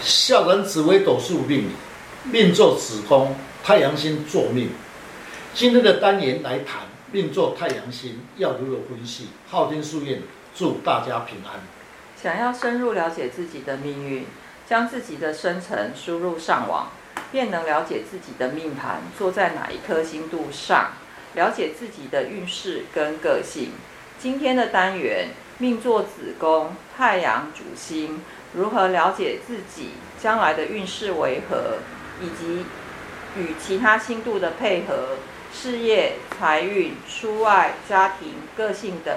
笑談紫微斗數命，命坐子宮太陽星坐命。今天的單元來談命坐太陽星要如何分析。昊天書院祝大家平安。想要深入了解自己的命運，將自己的生辰輸入上網，便能了解自己的命盤坐在哪一顆星度上，了解自己的運勢跟個性。今天的單元。命坐子宮太陽主星，如何了解自己將來的運勢為何，以及與其他星度的配合，事業、財運、出外、家庭、個性等。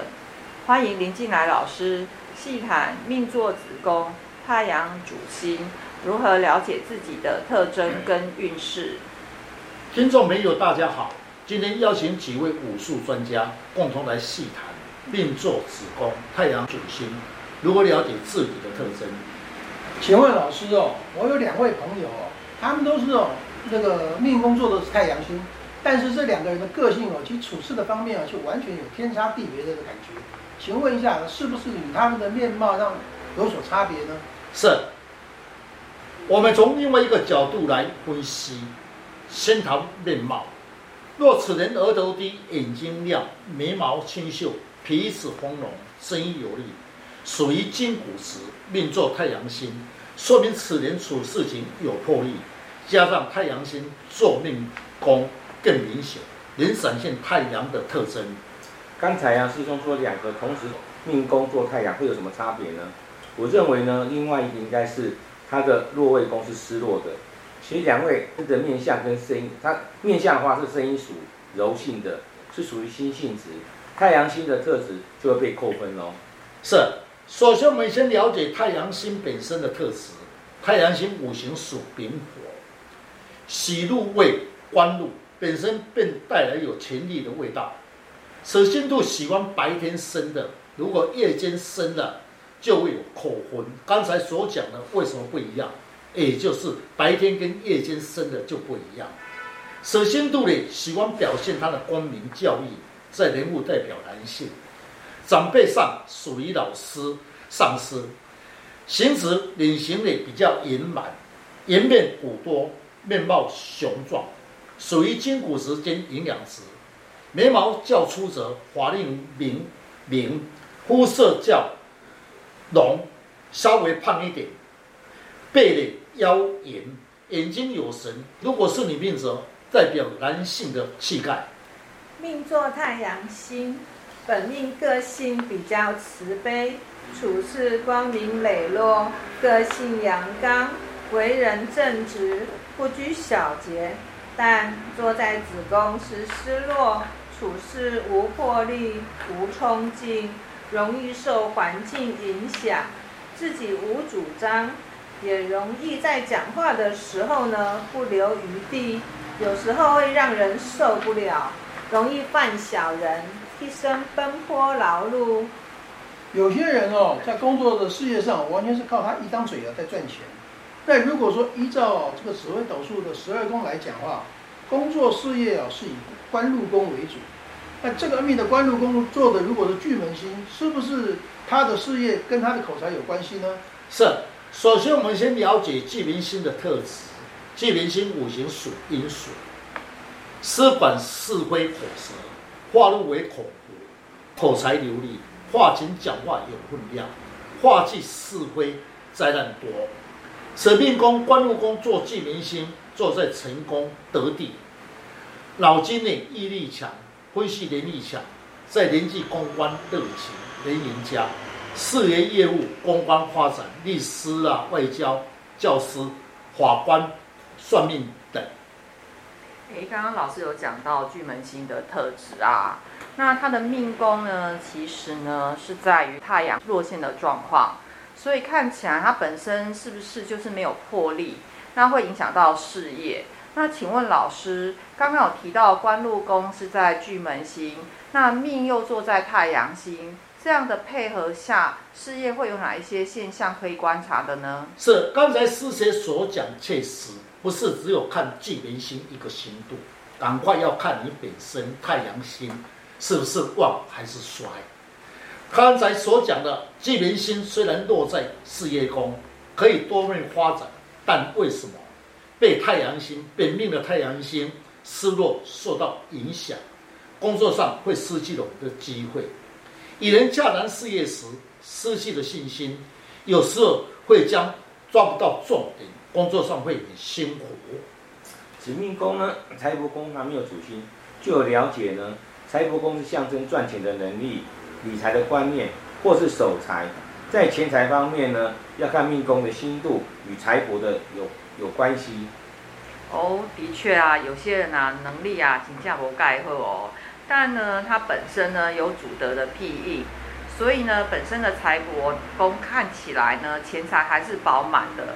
歡迎林進來老師細談命坐子宮太陽主星，如何了解自己的特徵跟運勢。聽眾朋友大家好，今天邀請幾位五術專家共同來細談。命坐子宮太陽主星，如果了解自己的特徵、嗯，請問老師哦，我有兩位朋友、哦，他們都是哦，那、這個命宮坐的是太陽星，但是這兩個人的個性哦，及處事的方面啊，就完全有天差地別的感覺。請問一下，是不是與他們的面貌上有所差別呢？是。我們從另外一個角度來分析，先談面貌。若此人額頭低，眼睛亮，眉毛清秀。皮色豐隆，聲音有力，屬於金骨時，命坐太陽星，說明此人處事情有魄力。加上太陽星坐命宮更明顯，能展現太陽的特徵。剛才啊，師兄說兩個同時命宮坐太陽會有什麼差別呢？我認為呢，另外一個應該是他的落位宮是失落的。其實兩位的面相跟聲音，他面相的話是聲音屬柔性的，是屬於心性質太陽星的特質就會被扣分嘍、哦。是，首先我們先了解太陽星本身的特質。太陽星五行屬丙火，喜怒、為官祿，本身便帶來有權力的味道。水心度喜歡白天生的，如果夜間生的，就會有口混。剛才所講的為什麼不一樣？也就是白天跟夜間生的就不一樣。水心度呢，喜歡表現他的光明教義。在人物代表男性，長輩上屬於老師、上司，形體臉型也比較圓滿，顏面骨多，面貌雄壯，屬於筋骨質兼營養質，眉毛較粗則法令明明，膚色較濃，稍微胖一點，背臉腰圓，眼睛有神。如果是女命者，代表男性的氣概。命坐太陽星，本命個性比較慈悲，處事光明磊落，個性陽剛，為人正直，不拘小節。但坐在子宮是失落，處事無魄力，無衝勁，容易受環境影響，自己無主張，也容易在講話的時候呢，不留餘地，有時候會讓人受不了。容易犯小人，一生奔波勞碌。有些人哦，在工作的事業上，完全是靠他一張嘴啊在賺錢。那如果說依照這個紫微斗數的十二宮來講的話，工作事業啊，是以官祿宮為主。那這個命的官祿宮做的，如果是巨門星，是不是他的事業跟他的口才有關係呢？是。首先，我們先了解巨門星的特質。巨門星五行屬陰水。巨門是非口舌，化祿為口福，口才流利，化權講話有分量。化忌是非災難多。身命宮、官祿宮坐巨門星，坐在成功得地。腦筋力、毅力強，分析能力強，在人際公關熱情人緣佳。事業業務、公關發展、律師啊、外交、教師、法官、算命等。誒，剛剛老師有講到巨門星的特質啊，那他的命宮呢，其實呢是在於太陽落陷的狀況，所以看起來他本身是不是就是沒有魄力？那會影響到事業。那請問老師，剛剛有提到官祿宮是在巨門星，那命又坐在太陽星，這樣的配合下，事業會有哪一些現象可以觀察的呢？是，剛才師姐所講，確實。不是只有看巨門星一個星度，趕快要看你本身太陽星是不是旺還是衰。剛才所講的巨門星雖然落在事業宮，可以多面發展，但為什麼被太陽星本命的太陽星失落受到影響？工作上會失去了我們的機會，與人洽談事業時失去的信心，有時候會將抓不到重點。工作上會很辛苦，指命宮呢，財帛宮還沒有主星。據我了解呢。財帛宮是象徵賺錢的能力、理財的觀念，或是守財。在錢財方面呢，要看命宮的星度與財帛的有有關係。哦，的確啊，有些人啊，能力啊，請價不概括哦，但呢，他本身呢有主德的庇應，所以呢，本身的財帛宮看起來呢，錢財還是飽滿的。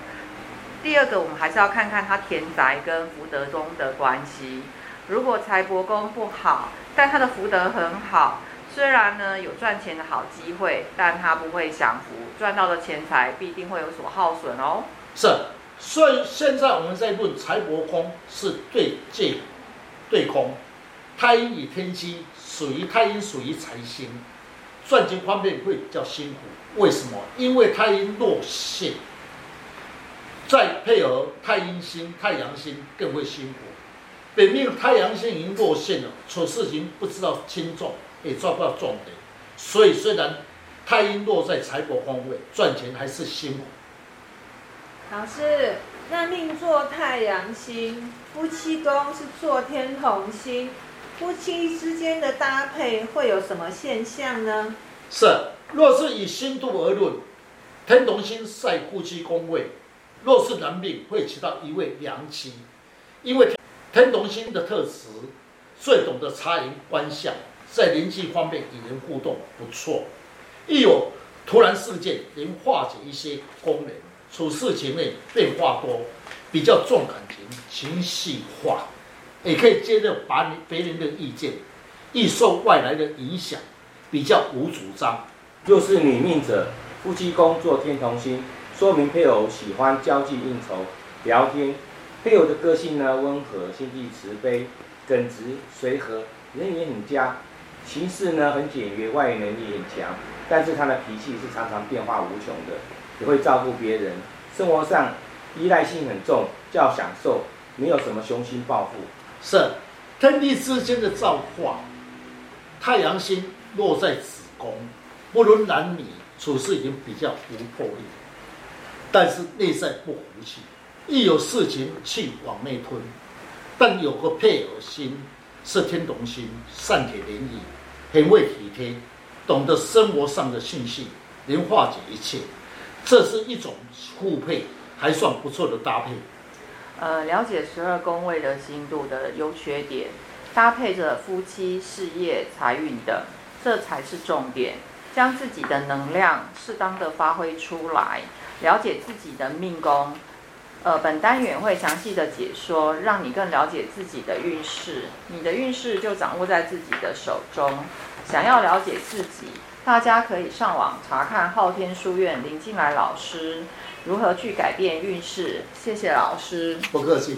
第二個，我們還是要看看他田宅跟福德宮的關係。如果財帛宮不好，但他的福德很好，雖然呢有賺錢的好機會，但他不會享福，賺到的錢財必定會有所耗損哦。是，所以現在我們在論財帛宮是對劫對空，太陰與天機屬於太陰，屬於財星，賺錢方面會比較辛苦。為什麼？因為太陰落陷。再配合太陰星、太陽星，更會辛苦。本命太陽星已經落陷了，處事情不知道輕重，也抓不到重點。所以雖然太陰落在財帛方位，賺錢還是辛苦。老師，那命坐太陽星，夫妻宮是坐天同星，夫妻之間的搭配會有什麼現象呢？是，若是以星度而論，天同星在夫妻宮位。若是男命會娶到一位良妻，因為天同星的特質最懂得察言觀色，在人際方面與人互動不錯，易有突然事件，能化解一些功能，處事情面變化多，比較重感情，情緒化，也可以接着把你別人的意見，易受外來的影響，比較無主張。若是女命者，夫妻宮坐天同星。說明配偶喜歡交際應酬、聊天。配偶的個性呢，溫和、心地慈悲、耿直、隨和，人也很佳，形式呢，很簡約，外語能力很強。但是他的脾氣是常常變化無窮的，也會照顧別人。生活上依賴性很重，較享受，沒有什麼雄心抱負。是天地之間的造化。太陽星落在子宮，不論男女，處事已經比較無魄力。但是內在不服氣，一有事情氣往內吞，但有個配偶心是天同星，善解人意，很會體貼，懂得生活上的信息，能化解一切，這是一種互配還算不錯的搭配。呃，了解十二宮位的星度的優缺點，搭配着夫妻、事業、財運等，這才是重點。將自己的能量適當的發揮出來，了解自己的命宮。呃，本單元會詳細的解說，讓你更了解自己的運勢。你的運勢就掌握在自己的手中。想要了解自己，大家可以上網查看昊天書院林進來老師如何去改變運勢。謝謝老師，不客氣。